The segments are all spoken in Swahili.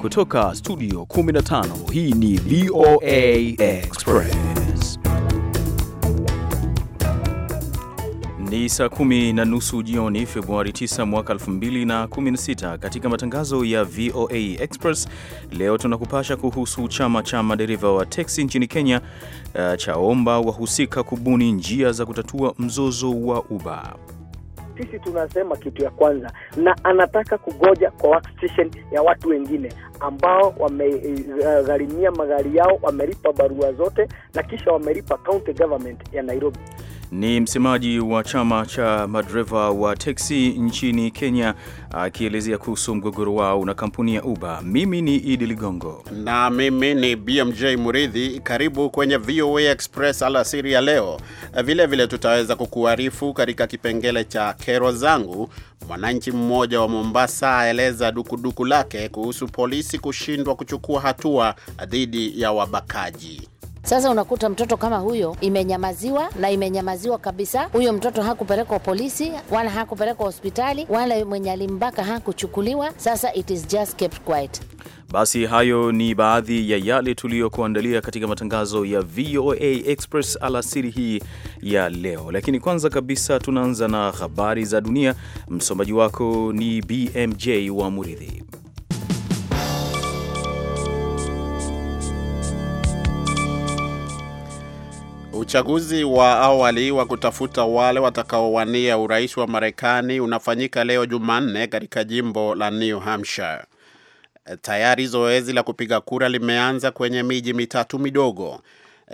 Kutoka studio 15 hii ni VOA Express. Ni saa kumi na nusu jioni Februari 9 mwaka 2016. Katika matangazo ya VOA Express leo tunakupasha kuhusu chama cha madereva wa teksi nchini Kenya eh, chaomba wahusika kubuni njia za kutatua mzozo wa Uber sisi tunasema kitu ya kwanza, na anataka kugoja kwa workstation ya watu wengine ambao wamegharimia magari yao, wamelipa barua zote na kisha wamelipa county government ya Nairobi. Ni msemaji wa chama cha madereva wa teksi nchini Kenya akielezea kuhusu mgogoro wao na kampuni ya Uber. Mimi ni Idi Ligongo na mimi ni BMJ Muridhi. Karibu kwenye VOA Express alasiri ya leo. Vilevile vile tutaweza kukuarifu katika kipengele cha kero zangu. Mwananchi mmoja wa Mombasa aeleza dukuduku lake kuhusu polisi kushindwa kuchukua hatua dhidi ya wabakaji. Sasa unakuta mtoto kama huyo imenyamaziwa na imenyamaziwa kabisa. Huyo mtoto hakupelekwa polisi wala hakupelekwa hospitali wala mwenye alimbaka hakuchukuliwa. Sasa it is just kept quiet. Basi hayo ni baadhi ya yale tuliyokuandalia katika matangazo ya VOA Express alasiri hii ya leo, lakini kwanza kabisa tunaanza na habari za dunia. Msomaji wako ni BMJ wa Muridhi. Uchaguzi wa awali wa kutafuta wale watakaowania urais wa Marekani unafanyika leo Jumanne katika jimbo la New Hampshire. Tayari zoezi la kupiga kura limeanza kwenye miji mitatu midogo.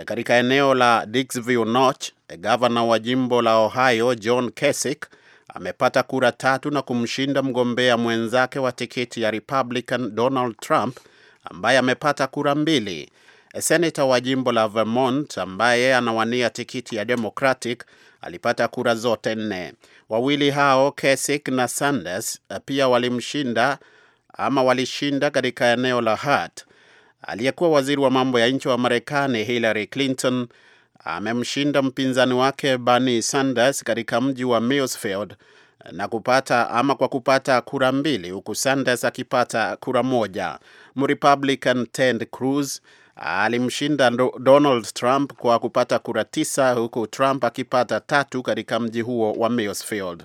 Katika eneo la Dixville Notch, gavana wa jimbo la Ohio John Kasich amepata kura tatu na kumshinda mgombea mwenzake wa tiketi ya Republican Donald Trump ambaye amepata kura mbili. Senata wa jimbo la Vermont ambaye anawania tikiti ya Democratic alipata kura zote nne. Wawili hao Kasich na Sanders pia walimshinda ama walishinda katika eneo la Hart. Aliyekuwa waziri wa mambo ya nje wa Marekani Hillary Clinton amemshinda mpinzani wake Bernie Sanders katika mji wa Millsfield na kupata ama kwa kupata kura mbili huku Sanders akipata kura moja. Mrepublican Ted Cruz alimshinda Donald Trump kwa kupata kura tisa huku Trump akipata tatu katika mji huo wa Maysfield.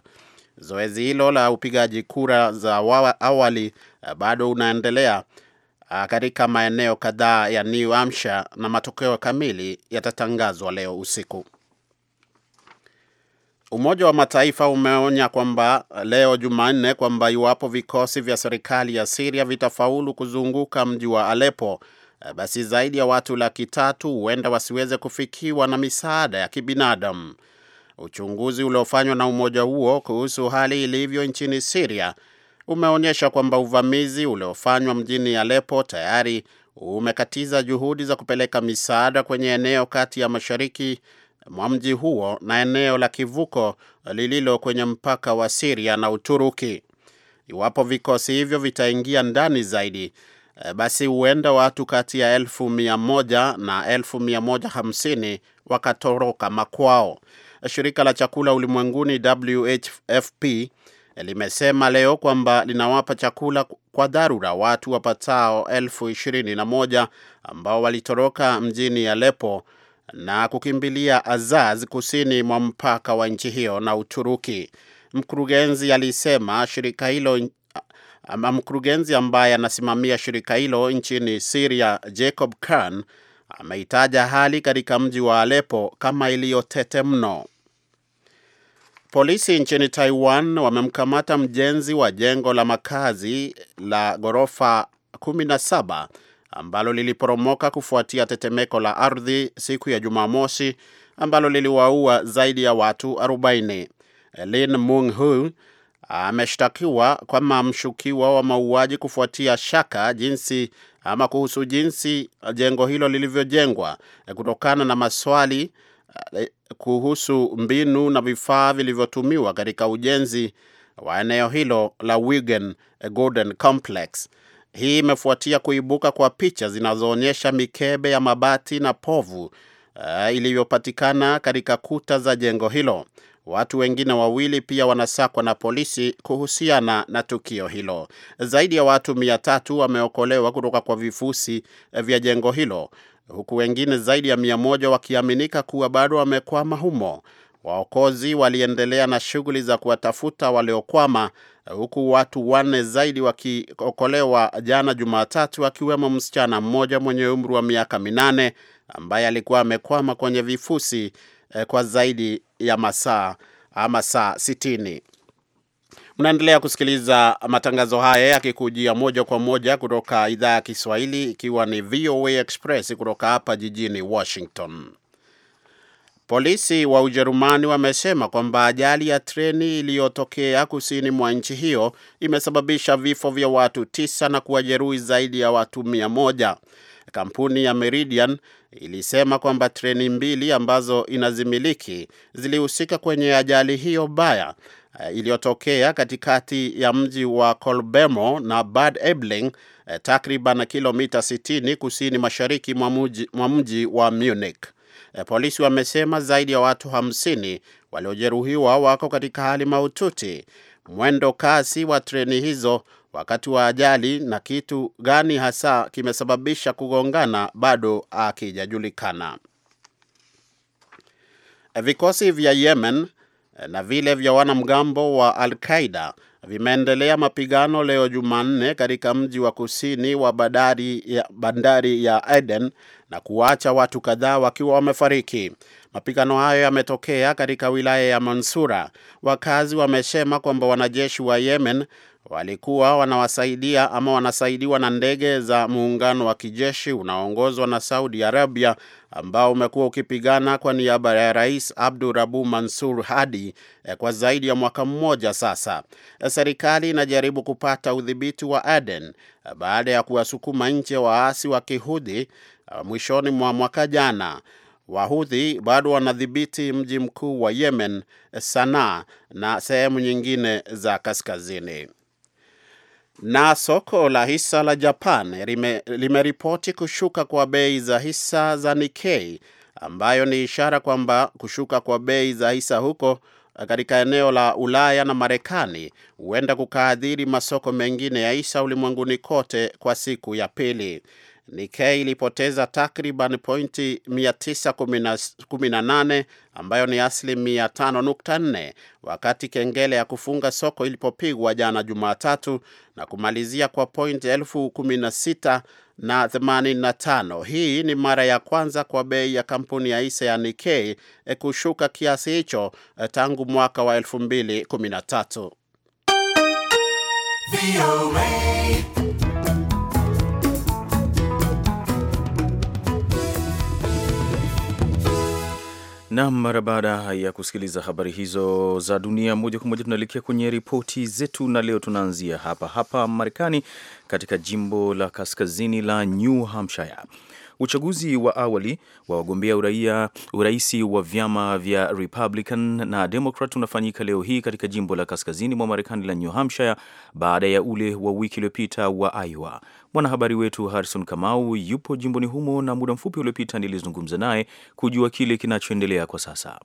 Zoezi hilo la upigaji kura za awali eh, bado unaendelea eh, katika maeneo kadhaa ya New Hampshire na matokeo kamili yatatangazwa leo usiku. Umoja wa Mataifa umeonya kwamba eh, leo Jumanne kwamba iwapo vikosi vya serikali ya Siria vitafaulu kuzunguka mji wa Aleppo Eh, basi zaidi ya watu laki tatu huenda wasiweze kufikiwa na misaada ya kibinadamu. Uchunguzi uliofanywa na umoja huo kuhusu hali ilivyo nchini Siria umeonyesha kwamba uvamizi uliofanywa mjini alepo tayari umekatiza juhudi za kupeleka misaada kwenye eneo kati ya mashariki mwa mji huo na eneo la kivuko lililo kwenye mpaka wa Siria na Uturuki. Iwapo vikosi hivyo vitaingia ndani zaidi, Eh, basi huenda watu kati ya elfu mia moja na elfu mia moja hamsini wakatoroka makwao. Shirika la chakula ulimwenguni WFP eh, limesema leo kwamba linawapa chakula kwa dharura watu wapatao elfu ishirini na moja ambao walitoroka mjini Aleppo na kukimbilia Azaz kusini mwa mpaka wa nchi hiyo na Uturuki. Mkurugenzi alisema shirika hilo mkurugenzi ambaye anasimamia shirika hilo nchini siria Jacob can ameitaja hali katika mji wa alepo kama iliyotete mno. Polisi nchini Taiwan wamemkamata mjenzi wa jengo la makazi la ghorofa 17 ambalo liliporomoka kufuatia tetemeko la ardhi siku ya Jumamosi ambalo liliwaua zaidi ya watu 40. Lin Mung Hu ameshtakiwa kama mshukiwa wa mauaji kufuatia shaka jinsi ama kuhusu jinsi uh, jengo hilo lilivyojengwa eh, kutokana na maswali uh, eh, kuhusu mbinu na vifaa vilivyotumiwa katika ujenzi wa eneo hilo la Wigan eh, Golden Complex. Hii imefuatia kuibuka kwa picha zinazoonyesha mikebe ya mabati na povu uh, iliyopatikana katika kuta za jengo hilo. Watu wengine wawili pia wanasakwa na polisi kuhusiana na tukio hilo. Zaidi ya watu mia tatu wameokolewa kutoka kwa vifusi vya jengo hilo huku wengine zaidi ya mia moja wakiaminika kuwa bado wamekwama humo. Waokozi waliendelea na shughuli za kuwatafuta waliokwama huku watu wanne zaidi wakiokolewa jana Jumatatu, akiwemo msichana mmoja mwenye umri wa miaka minane ambaye alikuwa amekwama kwenye vifusi eh, kwa zaidi ya masaa ama saa 60. Mnaendelea kusikiliza matangazo haya yakikujia moja kwa moja kutoka idhaa ya Kiswahili, ikiwa ni VOA Express kutoka hapa jijini Washington. Polisi wa Ujerumani wamesema kwamba ajali ya treni iliyotokea kusini mwa nchi hiyo imesababisha vifo vya watu tisa na kuwajeruhi zaidi ya watu mia moja kampuni ya Meridian ilisema kwamba treni mbili ambazo inazimiliki zilihusika kwenye ajali hiyo baya eh, iliyotokea katikati ya mji wa Kolbemo na Bad Ebling eh, takriban kilomita 60 kusini mashariki mwa mji wa Munich. Eh, polisi wamesema zaidi ya watu 50 waliojeruhiwa wako katika hali mahututi. Mwendo kasi wa treni hizo wakati wa ajali na kitu gani hasa kimesababisha kugongana bado akijajulikana. Vikosi vya Yemen eh, na vile vya wanamgambo wa Al-Qaida vimeendelea mapigano leo Jumanne katika mji wa kusini wa bandari ya, bandari ya Aden na kuwacha watu kadhaa wakiwa wamefariki. Mapigano hayo yametokea katika wilaya ya Mansura. Wakazi wamesema kwamba wanajeshi wa Yemen walikuwa wanawasaidia ama wanasaidiwa na ndege za muungano wa kijeshi unaoongozwa na Saudi Arabia ambao umekuwa ukipigana kwa niaba ya Rais Abdu Rabu Mansur Hadi eh, kwa zaidi ya mwaka mmoja sasa. Eh, serikali inajaribu kupata udhibiti wa Aden eh, baada ya kuwasukuma nje waasi wa Kihudhi mwishoni mwa mwaka jana. Wahudhi bado wanadhibiti mji mkuu wa Yemen, Sanaa, na sehemu nyingine za kaskazini. Na soko la hisa la Japan limeripoti kushuka kwa bei za hisa za Nikkei ambayo ni ishara kwamba kushuka kwa bei za hisa huko eh, katika eneo la Ulaya na Marekani huenda kukaadhiri masoko mengine ya hisa ulimwenguni kote kwa siku ya pili. Nikkei ilipoteza takriban pointi 918 ambayo ni asilimia 5.4 wakati kengele ya kufunga soko ilipopigwa jana Jumatatu na kumalizia kwa pointi 16 na 85. Hii ni mara ya kwanza kwa bei ya kampuni ya hisa ya Nikkei eh, kushuka kiasi hicho eh, tangu mwaka wa 2013. Nam, mara baada ya kusikiliza habari hizo za dunia moja kwa moja, tunaelekea kwenye ripoti zetu, na leo tunaanzia hapa hapa Marekani, katika jimbo la kaskazini la New Hampshire. Uchaguzi wa awali wa wagombea uraia uraisi wa vyama vya Republican na Democrat unafanyika leo hii katika jimbo la kaskazini mwa Marekani la New Hampshire baada ya ule wa wiki iliyopita wa Iowa. Mwanahabari wetu Harrison Kamau yupo jimboni humo na muda mfupi uliopita nilizungumza naye kujua kile kinachoendelea kwa sasa.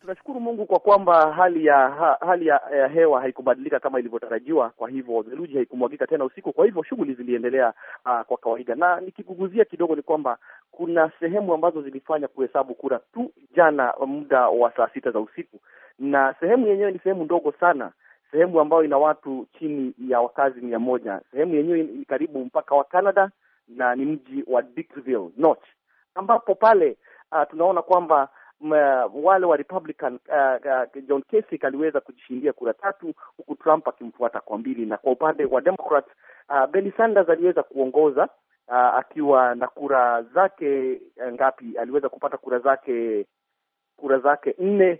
Tunashukuru Mungu kwa kwamba hali ya ha, hali ya, ya hewa haikubadilika kama ilivyotarajiwa. Kwa hivyo theluji haikumwagika tena usiku, kwa hivyo shughuli ziliendelea uh, kwa kawaida. Na nikiguguzia kidogo ni kwamba kuna sehemu ambazo zilifanya kuhesabu kura tu jana muda wa saa sita za usiku, na sehemu yenyewe ni sehemu ndogo sana sehemu ambayo ina watu chini ya wakazi mia moja. Sehemu yenyewe ni karibu mpaka wa Canada na ni mji wa Dictville North, ambapo pale uh, tunaona kwamba mm, wale wa Republican uh, uh, John Kasich aliweza kujishindia kura tatu huku Trump akimfuata kwa mbili, na kwa upande wa Democrat uh, Bernie Sanders aliweza kuongoza uh, akiwa na kura zake eh, ngapi? Aliweza kupata kura zake kura zake nne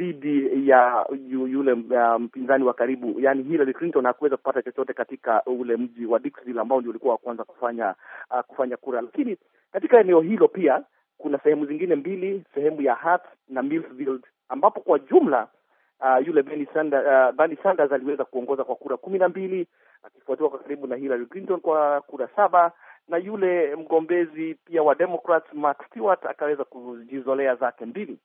dhidi ya yule mpinzani um, wa karibu yani Hillary Clinton hakuweza kupata chochote katika ule mji wa Dixville ambao ndio ulikuwa wa kwanza kufanya uh, kufanya kura, lakini katika eneo hilo pia kuna sehemu zingine mbili, sehemu ya Hart na Millfield ambapo kwa jumla uh, yule Bernie Sanders, uh, Bernie Sanders aliweza kuongoza kwa kura kumi na mbili akifuatiwa kwa karibu na Hillary Clinton kwa kura saba na yule mgombezi pia wa Democrats Mark Stewart akaweza kujizolea zake mbili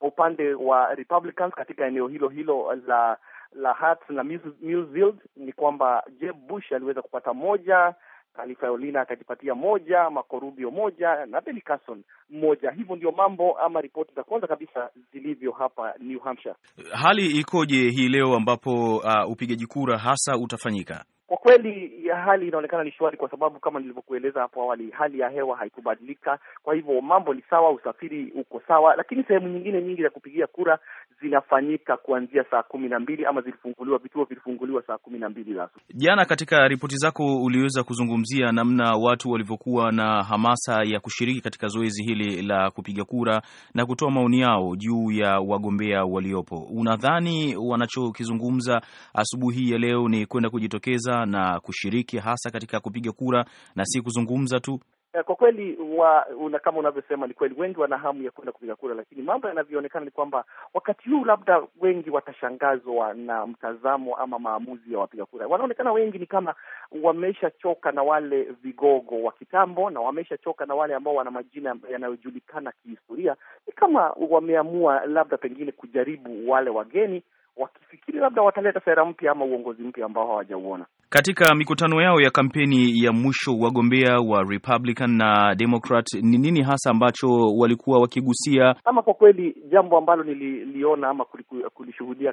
upande wa Republicans katika eneo hilo hilo la la Hart na Millsfield ni kwamba Jeb Bush aliweza kupata moja, Khalifa Olina akajipatia moja, Marco Rubio moja na Bill Carson moja. Hivyo ndio mambo ama ripoti za kwanza kabisa zilivyo hapa New Hampshire. Hali ikoje hii leo ambapo uh, upigaji kura hasa utafanyika? Kwa kweli ya hali inaonekana ni shwari, kwa sababu kama nilivyokueleza hapo awali, hali ya hewa haikubadilika. Kwa hivyo mambo ni sawa, usafiri uko sawa, lakini sehemu nyingine nyingi za kupigia kura zinafanyika kuanzia saa kumi na mbili ama zilifunguliwa vituo vilifunguliwa saa kumi na mbili la jana. Katika ripoti zako uliweza kuzungumzia namna watu walivyokuwa na hamasa ya kushiriki katika zoezi hili la kupiga kura na kutoa maoni yao juu ya wagombea waliopo. Unadhani wanachokizungumza asubuhi hii ya leo ni kwenda kujitokeza na kushiriki hasa katika kupiga kura na si kuzungumza tu? Eh, kwa kweli wa, una, kama unavyosema ni kweli, wengi wana hamu ya kwenda kupiga kura, lakini mambo yanavyoonekana ni kwamba wakati huu labda wengi watashangazwa na mtazamo ama maamuzi ya wapiga kura. Wanaonekana wengi ni kama wameshachoka na wale vigogo wa kitambo na wameshachoka na wale ambao wana majina yanayojulikana kihistoria. Ni kama wameamua labda pengine kujaribu wale wageni wakifikiri labda wataleta sera mpya ama uongozi mpya ambao hawajauona. Katika mikutano yao ya kampeni ya mwisho, wagombea wa Republican na Democrat ni nini hasa ambacho walikuwa wakigusia? Ama kwa kweli jambo ambalo nililiona ama kulishuhudia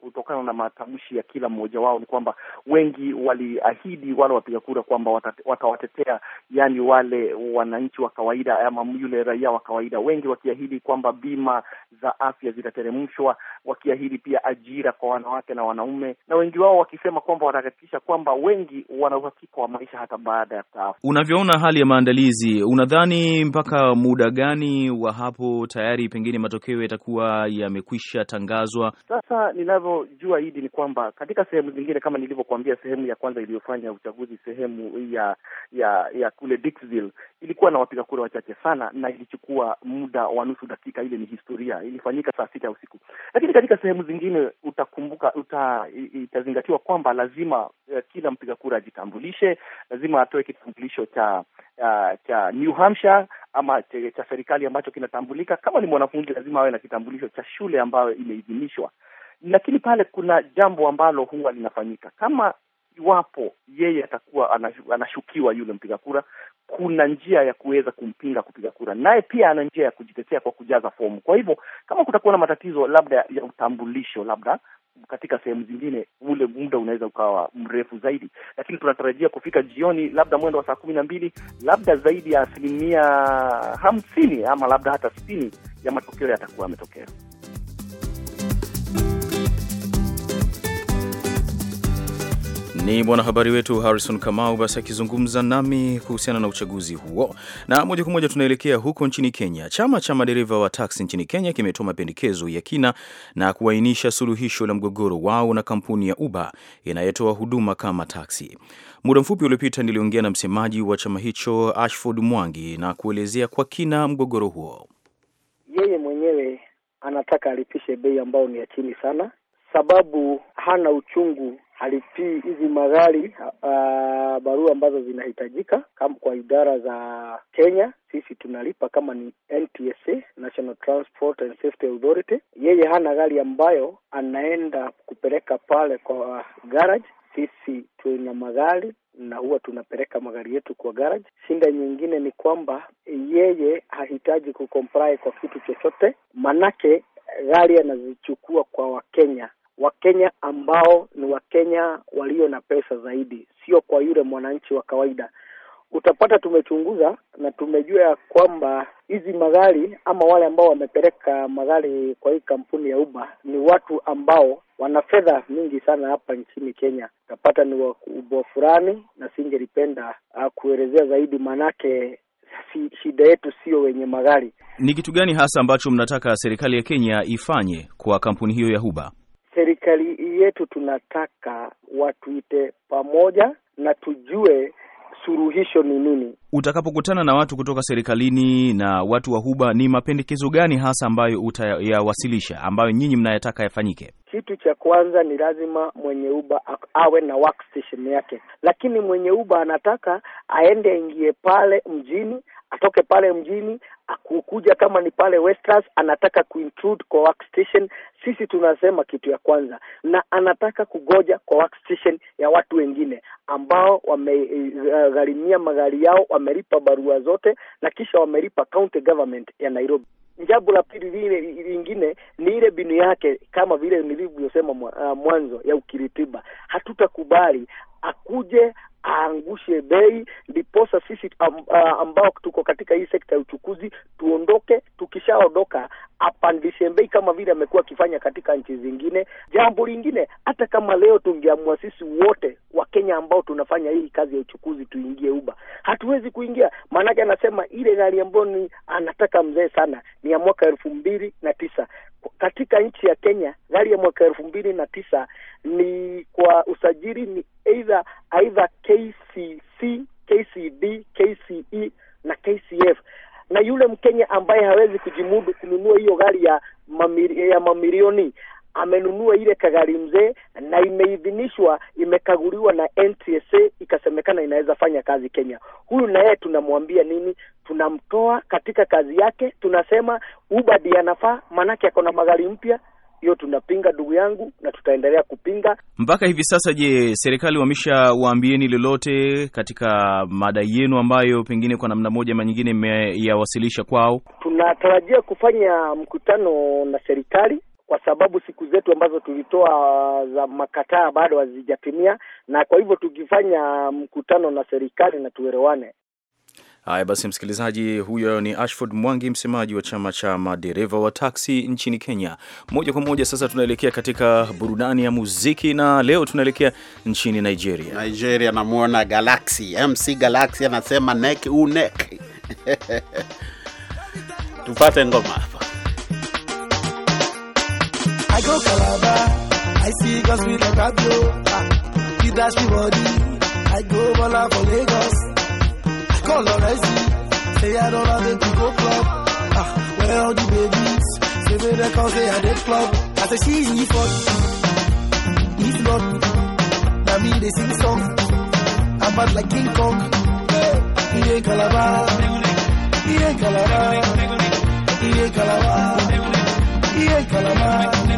kutokana na matamshi ya kila mmoja wao ni kwamba wengi waliahidi wale wapiga kura kwamba watawatetea, yani wale wananchi wa kawaida ama yule raia wa kawaida, wengi wakiahidi kwamba bima za afya zitateremshwa, wakiahidi pia aj ajira kwa wanawake na wanaume, na wengi wao wakisema kwamba wanahakikisha kwamba wengi wana uhakika wa maisha hata baada ya kustaafu. Unavyoona hali ya maandalizi, unadhani mpaka muda gani wa hapo tayari pengine matokeo yatakuwa yamekwisha tangazwa? Sasa ninavyojua hidi ni kwamba katika sehemu zingine kama nilivyokuambia, sehemu ya kwanza iliyofanya uchaguzi, sehemu ya ya ya kule Dixville ilikuwa na wapiga kura wachache sana na ilichukua muda wa nusu dakika. Ile ni historia, ilifanyika saa sita ya usiku. Lakini katika sehemu zingine utakumbuka uta, itazingatiwa kwamba lazima uh, kila mpiga kura ajitambulishe, lazima atoe kitambulisho cha uh, cha New Hampshire ama cha, cha serikali ambacho kinatambulika. Kama ni mwanafunzi, lazima awe na kitambulisho cha shule ambayo imeidhinishwa. Lakini pale kuna jambo ambalo huwa linafanyika kama iwapo yeye atakuwa anashukiwa yule mpiga kura, kuna njia ya kuweza kumpinga kupiga kura, naye pia ana njia ya kujitetea kwa kujaza fomu. Kwa hivyo kama kutakuwa na matatizo labda ya utambulisho, labda katika sehemu zingine ule muda unaweza ukawa mrefu zaidi, lakini tunatarajia kufika jioni, labda mwendo wa saa kumi na mbili, labda zaidi ya asilimia hamsini ama labda hata sitini ya matokeo yatakuwa yametokea. Ni mwanahabari wetu Harrison Kamau basi akizungumza nami kuhusiana na uchaguzi huo. Na moja kwa moja tunaelekea huko nchini Kenya. Chama cha madereva wa taksi nchini Kenya kimetoa mapendekezo ya kina na kuainisha suluhisho la mgogoro wao na kampuni ya Uber inayotoa huduma kama taksi. Muda mfupi uliopita niliongea na msemaji wa chama hicho Ashford Mwangi na kuelezea kwa kina mgogoro huo. Yeye mwenyewe anataka alipishe bei ambayo ni ya chini sana, sababu hana uchungu halipii hizi magari uh, barua ambazo zinahitajika kama kwa idara za Kenya sisi tunalipa kama ni NTSA, National Transport and Safety Authority. Yeye hana gari ambayo anaenda kupeleka pale kwa garage. Sisi tuna magari na huwa tunapeleka magari yetu kwa garage. Shinda nyingine ni kwamba yeye hahitaji kucomply kwa kitu chochote, manake gari anazichukua kwa Wakenya Wakenya ambao ni Wakenya walio na pesa zaidi, sio kwa yule mwananchi wa kawaida. Utapata tumechunguza na tumejua ya kwamba hizi magari ama wale ambao wamepeleka magari kwa hii kampuni ya Uber ni watu ambao wana fedha nyingi sana hapa nchini Kenya. Utapata ni wakubwa fulani, na singelipenda ah, kuelezea zaidi, maanake shida yetu sio wenye magari. Ni kitu gani hasa ambacho mnataka serikali ya Kenya ifanye kwa kampuni hiyo ya Uber? serikali yetu tunataka watuite pamoja na tujue suruhisho ni nini. Utakapokutana na watu kutoka serikalini na watu wa Huba, ni mapendekezo gani hasa ambayo utayawasilisha ambayo nyinyi mnayataka yafanyike? Kitu cha kwanza ni lazima mwenye uba awe na workstation yake, lakini mwenye uba anataka aende aingie pale mjini atoke pale mjini akukuja kama ni pale Westlands, anataka kuintrude kwa workstation, sisi tunasema kitu ya kwanza, na anataka kugoja kwa workstation ya watu wengine ambao wamegharimia uh, magari yao, wamelipa barua zote na kisha wamelipa county government ya Nairobi. Jambo la pili lingine ni ile binu yake, kama vile nilivyosema mwanzo ya ukiritiba, hatutakubali akuje aangushe bei, ndiposa sisi ah, ambao tuko katika hii sekta ya uchukuzi tuondoke. Tukishaondoka apandishe bei kama vile amekuwa akifanya katika nchi zingine. Jambo lingine, hata kama leo tungeamua sisi wote kenya ambao tunafanya hii kazi ya uchukuzi tuingie uba hatuwezi kuingia, maanake anasema ile gari ambayo ni anataka mzee sana ni ya mwaka elfu mbili na tisa katika nchi ya Kenya gari ya mwaka elfu mbili na tisa ni kwa usajili ni aidha aidha KCC, KCD, KCE na KCF na yule Mkenya ambaye hawezi kujimudu kununua hiyo gari ya mamilioni, ya mamilioni amenunua ile kagari mzee na imeidhinishwa, imekaguliwa na NTSA, ikasemekana inaweza fanya kazi Kenya. Huyu na yeye tunamwambia nini? Tunamtoa katika kazi yake, tunasema ubadi anafaa, maanake ako na magari mpya hiyo tunapinga ndugu yangu, na tutaendelea kupinga mpaka hivi sasa. Je, serikali waambieni lolote katika madai yenu ambayo pengine kwa namna moja ama nyingine imeyawasilisha kwao? Tunatarajia kufanya mkutano na serikali kwa sababu siku zetu ambazo tulitoa uh, za makataa bado hazijatimia, na kwa hivyo tukifanya mkutano na serikali na tuerewane. Haya basi, msikilizaji, huyo ni Ashford Mwangi, msemaji wa chama cha madereva wa taksi nchini Kenya. Moja kwa moja sasa tunaelekea katika burudani ya muziki, na leo tunaelekea nchini Nigeria. Nigeria namwona Galaxy, MC Galaxy anasema nek u nek Tupate ngoma hapa. I go Calabar. I see girls with a cabrio. Ah, he dash me body. I go Bola for Lagos. I call on I see, Say I don't have to go club. Ah, where all the babies? Say me they come say I did club. I say she is fuck. He's not. Now me they sing song. I'm bad like King Kong. He ain't Calabar. He ain't Calabar. He ain't Calabar. He ain't Calabar.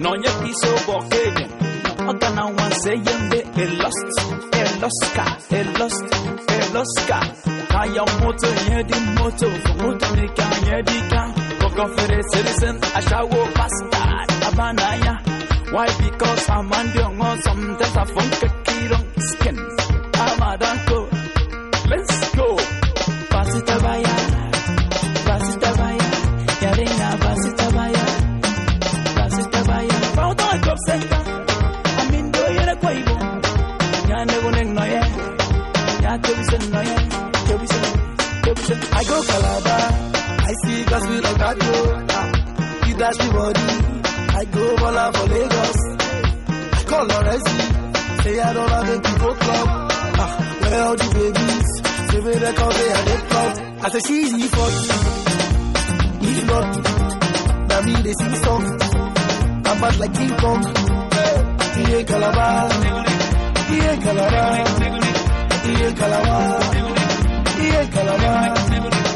No Nonyekiso Bokenya. lost. wanse yende elost, eloska, elost, eloska. Kaya moto nyedi moto, moto mika nyedi ka. Kokofere citizen, ashawo bastard, abanaya. Why? Because I'm on the one, sometimes I Gashi body. I go balla for Lagos. I call Lorenzi. Say I don't have a people club. Ah, where are the babies? Say me they come, they are they club. I say she's the fuck. Easy not. Now me they sing song. I'm bad like King Kong. He ain't Calabar. He ain't Calabar. He ain't Calabar. He ain't Calabar.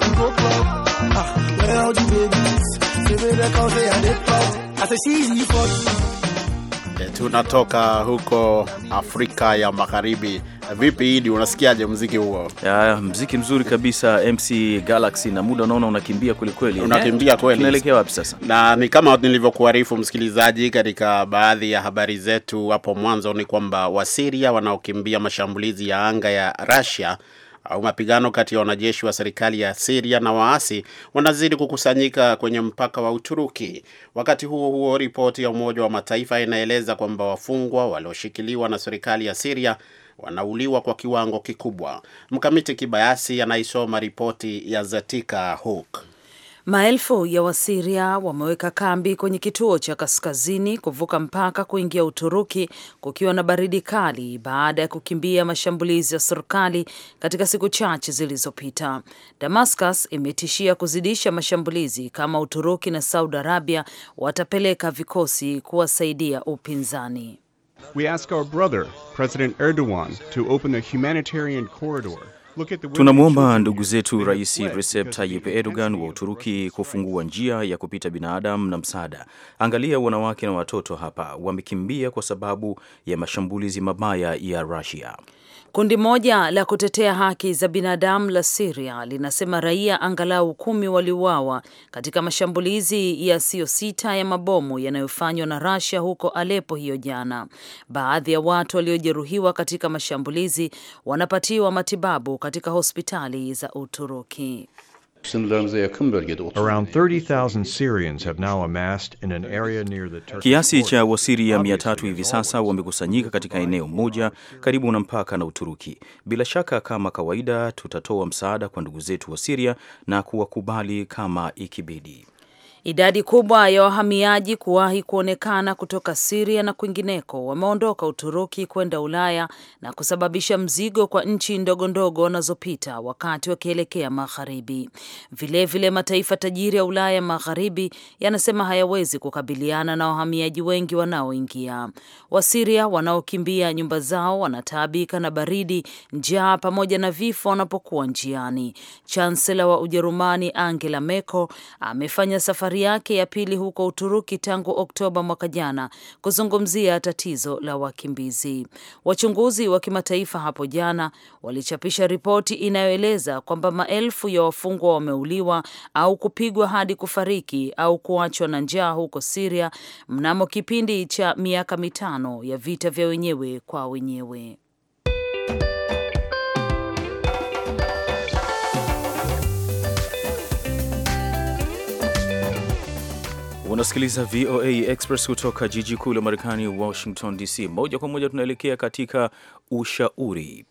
Ah, l'heure du c'est ah, eh, Tunatoka huko Afrika ya Magharibi. Vipi Idi, unasikiaje mziki huo? mziki mzuri kabisa MC Galaxy, na muda unaona unakimbia kwelikweli, Unakimbia kweli. Tunaelekea wapi sasa? Na ni kama nilivyokuarifu msikilizaji, katika baadhi ya habari zetu hapo mwanzo, ni kwamba Wasiria wanaokimbia mashambulizi ya anga ya Russia au mapigano kati ya wanajeshi wa serikali ya Syria na waasi wanazidi kukusanyika kwenye mpaka wa Uturuki. Wakati huo huo, ripoti ya Umoja wa Mataifa inaeleza kwamba wafungwa walioshikiliwa na serikali ya Syria wanauliwa kwa kiwango kikubwa. Mkamiti Kibayasi anaisoma ripoti ya Zatika Hook. Maelfu ya Wasiria wameweka kambi kwenye kituo cha kaskazini kuvuka mpaka kuingia Uturuki kukiwa na baridi kali baada ya kukimbia mashambulizi ya serikali katika siku chache zilizopita. Damascus imetishia kuzidisha mashambulizi kama Uturuki na Saudi Arabia watapeleka vikosi kuwasaidia upinzani. We ask our brother, President Erdogan, to open a humanitarian corridor. Tunamwomba ndugu zetu Rais Recep Tayyip Erdogan wa Uturuki kufungua njia ya kupita binadamu na msaada. Angalia, wanawake na watoto hapa wamekimbia kwa sababu ya mashambulizi mabaya ya Russia. Kundi moja la kutetea haki za binadamu la Siria linasema raia angalau kumi waliuawa katika mashambulizi yasiyo sita ya mabomu yanayofanywa na Rasia huko alepo hiyo jana. Baadhi ya watu waliojeruhiwa katika mashambulizi wanapatiwa matibabu katika hospitali za Uturuki. Around 30,000 Syrians have now amassed in an area near the Turkish Kiasi cha Wasiria 300 hivi sasa wamekusanyika katika eneo moja karibu na mpaka na Uturuki. Bila shaka, kama kawaida, tutatoa msaada kwa ndugu zetu wa Syria na kuwakubali kama ikibidi. Idadi kubwa ya wahamiaji kuwahi kuonekana kutoka Siria na kwingineko wameondoka Uturuki kwenda Ulaya na kusababisha mzigo kwa nchi ndogo ndogo wanazopita wakati wakielekea magharibi. Vilevile, mataifa tajiri ya Ulaya magharibi yanasema hayawezi kukabiliana na wahamiaji wengi wanaoingia. Wasiria wanaokimbia nyumba zao wanataabika na baridi, njaa pamoja na vifo wanapokuwa njiani. Chansela wa Ujerumani Angela Merkel amefanya safari safari yake ya pili huko Uturuki tangu Oktoba mwaka jana kuzungumzia tatizo la wakimbizi. Wachunguzi wa kimataifa hapo jana walichapisha ripoti inayoeleza kwamba maelfu ya wafungwa wameuliwa au kupigwa hadi kufariki au kuachwa na njaa huko Siria mnamo kipindi cha miaka mitano ya vita vya wenyewe kwa wenyewe. Unasikiliza VOA Express kutoka jiji kuu la Marekani, Washington DC. Moja kwa moja tunaelekea katika ushauri.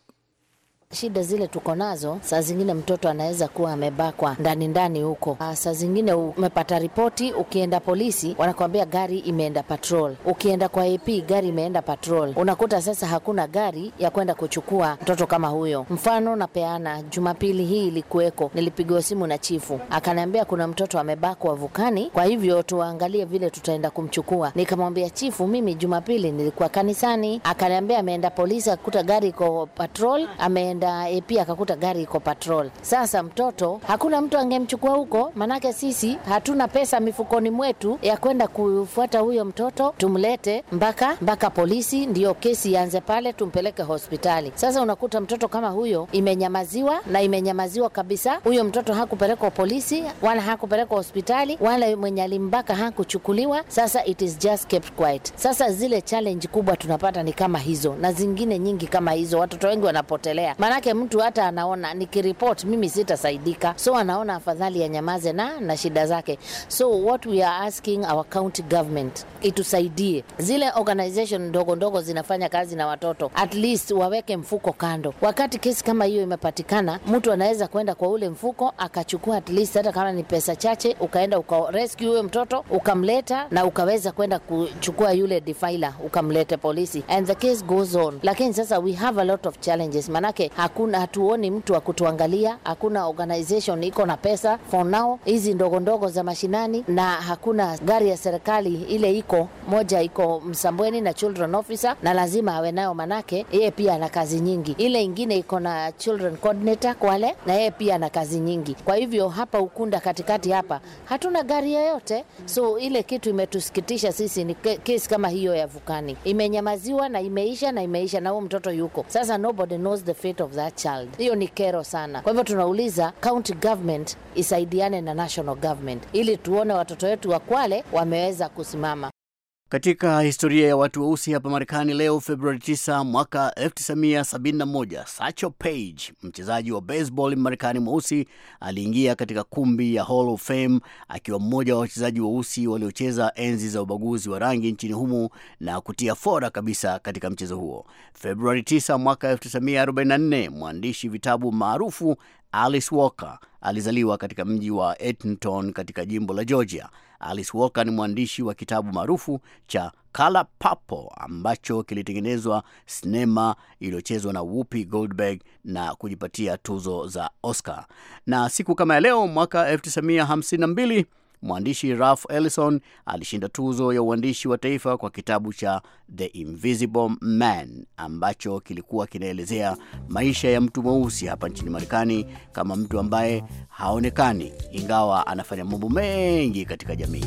Shida zile tuko nazo, saa zingine mtoto anaweza kuwa amebakwa ndani ndani huko, ah, saa zingine umepata ripoti, ukienda polisi wanakwambia gari imeenda patrol, ukienda kwa AP gari imeenda patrol. Unakuta sasa hakuna gari ya kwenda kuchukua mtoto kama huyo. Mfano napeana, Jumapili hii ilikuweko, nilipigiwa simu na chifu akaniambia kuna mtoto amebakwa Vukani, kwa hivyo tuangalie vile tutaenda kumchukua. Nikamwambia chifu, mimi Jumapili nilikuwa kanisani. Akaniambia ameenda polisi, akakuta gari iko patrol, ameenda akaenda eh, pia akakuta gari iko patrol. Sasa mtoto hakuna mtu angemchukua huko, manake sisi hatuna pesa mifukoni mwetu ya kwenda kufuata huyo mtoto tumlete mpaka mpaka polisi, ndiyo kesi ianze pale, tumpeleke hospitali. Sasa unakuta mtoto kama huyo imenyamaziwa na imenyamaziwa kabisa. Huyo mtoto hakupelekwa polisi wala hakupelekwa hospitali wala mwenye alimbaka hakuchukuliwa. Sasa it is just kept quiet. Sasa zile challenge kubwa tunapata ni kama hizo na zingine nyingi kama hizo, watoto wengi wanapotelea. Maanake mtu hata anaona nikiripot mimi sitasaidika, so anaona afadhali anyamaze na na shida zake. So what we are asking our county government itusaidie, zile organization ndogo ndogo zinafanya kazi na watoto, at least waweke mfuko kando. Wakati kesi kama hiyo imepatikana, mtu anaweza kwenda kwa ule mfuko akachukua at least, hata kama ni pesa chache, ukaenda ukarescue huyo mtoto ukamleta, na ukaweza kwenda kuchukua yule defiler ukamlete polisi, and the case goes on. Lakini sasa we have a lot of challenges, manake hakuna, hatuoni mtu wa kutuangalia, hakuna organization iko na pesa for now, hizi ndogo ndogo za mashinani, na hakuna gari ya serikali ile iko moja, iko Msambweni na children officer, na lazima awe nayo, manake yeye pia ana kazi nyingi. Ile ingine iko na children coordinator Kwale, na yeye pia ana kazi nyingi. Kwa hivyo hapa Ukunda katikati hapa hatuna gari yoyote, so ile kitu imetusikitisha sisi ni kesi kama hiyo ya Vukani imenyamaziwa na imeisha na imeisha, na huo mtoto yuko sasa, nobody knows the fate of of that child. Hiyo ni kero sana. Kwa hivyo tunauliza county government isaidiane na national government ili tuone watoto wetu wa Kwale wameweza kusimama. Katika historia ya watu weusi hapa Marekani leo Februari 9 mwaka 1971, Satchel Paige, mchezaji wa baseball Marekani mweusi, aliingia katika kumbi ya Hall of Fame akiwa mmoja wa wachezaji weusi waliocheza enzi za ubaguzi wa rangi nchini humo na kutia fora kabisa katika mchezo huo. Februari 9 mwaka 1944, mwandishi vitabu maarufu Alice Walker alizaliwa katika mji wa Eatonton katika jimbo la Georgia. Alice Walker ni mwandishi wa kitabu maarufu cha Color Purple ambacho kilitengenezwa sinema iliyochezwa na Whoopi Goldberg na kujipatia tuzo za Oscar. Na siku kama ya leo mwaka 1952 mwandishi Ralph Ellison alishinda tuzo ya uandishi wa taifa kwa kitabu cha The Invisible Man ambacho kilikuwa kinaelezea maisha ya mtu mweusi hapa nchini Marekani kama mtu ambaye haonekani ingawa anafanya mambo mengi katika jamii.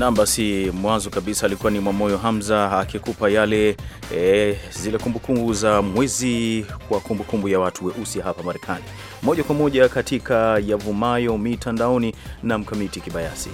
Nam, basi mwanzo kabisa alikuwa ni Mwamoyo Hamza akikupa yale e, zile kumbukumbu za mwezi kwa kumbukumbu ya watu weusi hapa Marekani, moja kwa moja katika yavumayo mitandaoni na Mkamiti Kibayasi.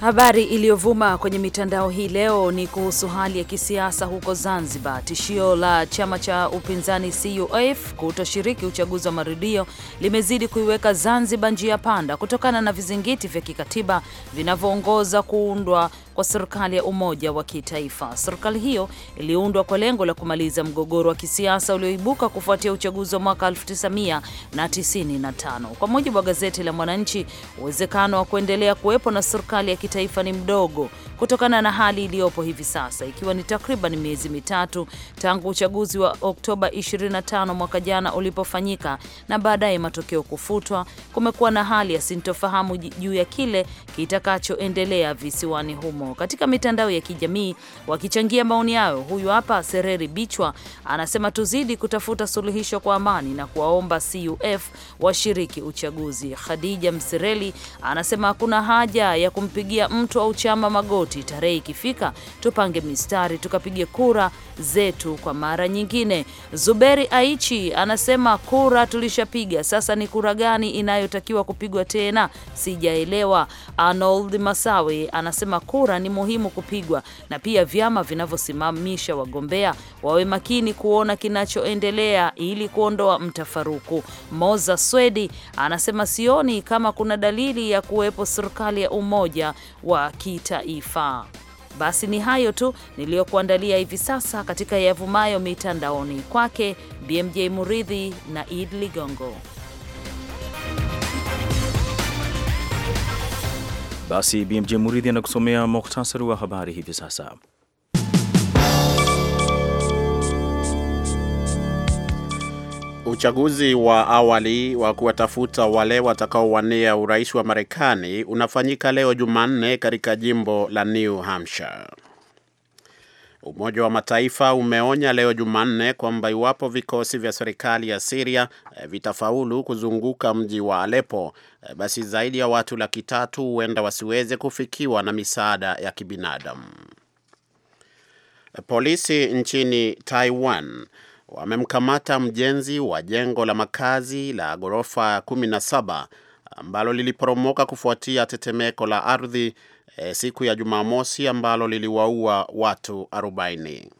Habari iliyovuma kwenye mitandao hii leo ni kuhusu hali ya kisiasa huko Zanzibar. Tishio la chama cha upinzani CUF kutoshiriki uchaguzi wa marudio limezidi kuiweka Zanzibar njia panda kutokana na vizingiti vya kikatiba vinavyoongoza kuundwa kwa serikali ya umoja wa kitaifa. Serikali hiyo iliundwa kwa lengo la kumaliza mgogoro wa kisiasa ulioibuka kufuatia uchaguzi wa mwaka 1995. Kwa mujibu wa gazeti la Mwananchi, uwezekano wa kuendelea kuwepo na serikali ya kitaifa ni mdogo kutokana na hali iliyopo hivi sasa, ikiwa ni takriban miezi mitatu tangu uchaguzi wa Oktoba 25 mwaka jana ulipofanyika na baadaye matokeo kufutwa. Kumekuwa na hali ya sintofahamu juu ya kile kitakachoendelea visiwani humo katika mitandao ya kijamii wakichangia maoni yao. Huyu hapa Sereri Bichwa anasema tuzidi kutafuta suluhisho kwa amani na kuwaomba CUF washiriki uchaguzi. Khadija Msireli anasema hakuna haja ya kumpigia mtu au chama magoti. Tarehe ikifika, tupange mistari tukapige kura zetu kwa mara nyingine. Zuberi Aichi anasema kura tulishapiga, sasa ni kura gani inayotakiwa kupigwa tena? Sijaelewa. Arnold Masawe anasema kura ni muhimu kupigwa, na pia vyama vinavyosimamisha wagombea wawe makini kuona kinachoendelea ili kuondoa mtafaruku. Moza Swedi anasema sioni kama kuna dalili ya kuwepo serikali ya umoja wa kitaifa. Basi ni hayo tu niliyokuandalia hivi sasa katika yavumayo mitandaoni. Kwake BMJ Muridhi na Id Ligongo. Basi BMJ Muridhi anakusomea muhtasari wa habari hivi sasa. Uchaguzi wa awali wa kuwatafuta wale watakaowania urais wa Marekani unafanyika leo Jumanne katika jimbo la New Hampshire. Umoja wa Mataifa umeonya leo Jumanne kwamba iwapo vikosi vya serikali ya Siria eh, vitafaulu kuzunguka mji wa Alepo, eh, basi zaidi ya watu laki tatu huenda wasiweze kufikiwa na misaada ya kibinadamu. Polisi nchini Taiwan wamemkamata mjenzi wa jengo la makazi la ghorofa 17 ambalo liliporomoka kufuatia tetemeko la ardhi e, siku ya Jumamosi ambalo liliwaua watu 40.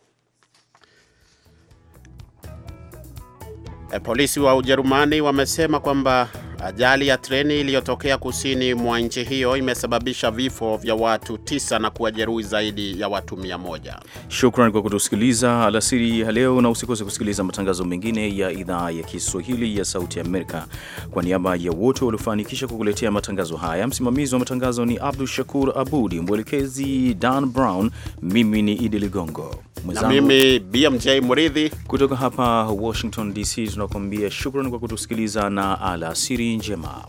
E, polisi wa Ujerumani wamesema kwamba Ajali ya treni iliyotokea kusini mwa nchi hiyo imesababisha vifo vya watu tisa na kuwajeruhi zaidi ya watu mia moja. Shukran kwa kutusikiliza alasiri ya leo, na usikose kusikiliza matangazo mengine ya idhaa ya Kiswahili ya Sauti ya Amerika. Kwa niaba ya wote waliofanikisha kukuletea matangazo haya, msimamizi wa matangazo ni Abdu Shakur Abudi, mwelekezi Dan Brown, mimi ni Idi Ligongo. Na mimi BMJ Muridhi kutoka hapa Washington DC tunakuambia shukrani kwa kutusikiliza na alasiri njema.